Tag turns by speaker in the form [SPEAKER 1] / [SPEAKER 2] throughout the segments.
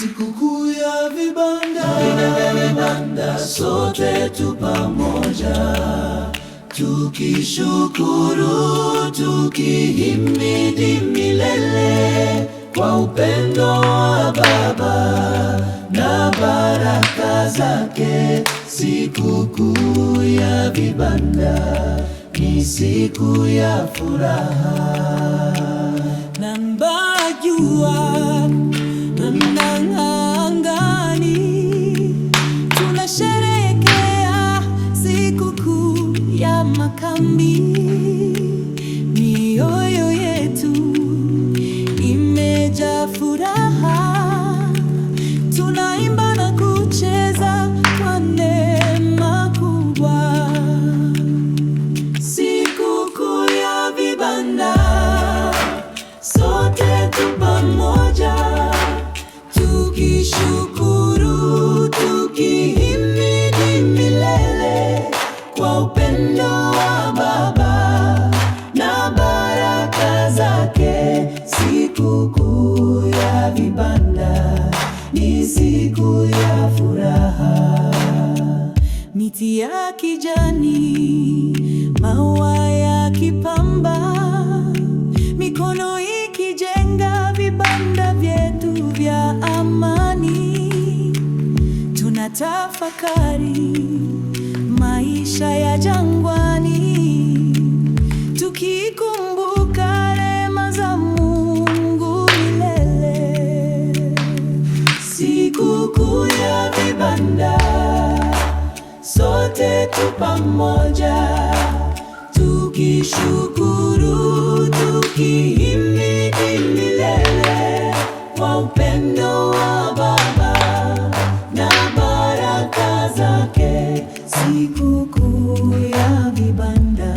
[SPEAKER 1] Sikukuu ya vibanda,
[SPEAKER 2] vibanda,
[SPEAKER 1] sote tu pamoja, tukishukuru, tukihimidi milele kwa upendo wa Baba na baraka zake. Sikukuu ya vibanda ni siku ya furaha
[SPEAKER 3] na mbajua makambi mioyo yetu imejaa furaha, tunaimba na kucheza kwa neema kubwa.
[SPEAKER 1] Sikukuu ya vibanda, sote tu pamoja, tukishukuru, tukihimidi milele kwa upendo vibanda, ni siku ya furaha.
[SPEAKER 4] Miti ya kijani, maua ya kipamba, mikono ikijenga vibanda vyetu vya amani. Tunatafakari maisha ya jangwa
[SPEAKER 1] juu ya vibanda, sote tu pamoja, tukishukuru, tukihimidi milele kwa upendo wa Baba na baraka zake. Sikukuu ya vibanda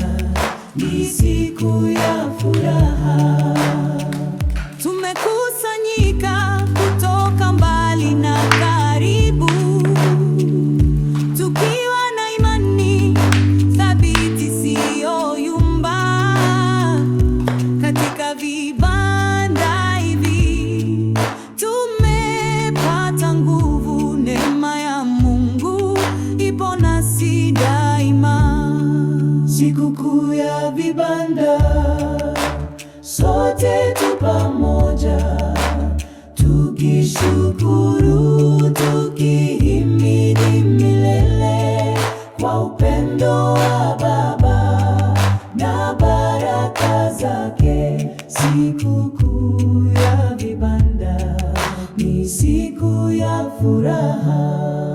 [SPEAKER 1] ni siku
[SPEAKER 4] nguvu. Neema ya Mungu ipo nasi daima.
[SPEAKER 1] Sikukuu ya vibanda, sote tu pamoja, tukishukuru, tukihimidi milele kwa upendo wa Baba na baraka zake sikukuu furaha.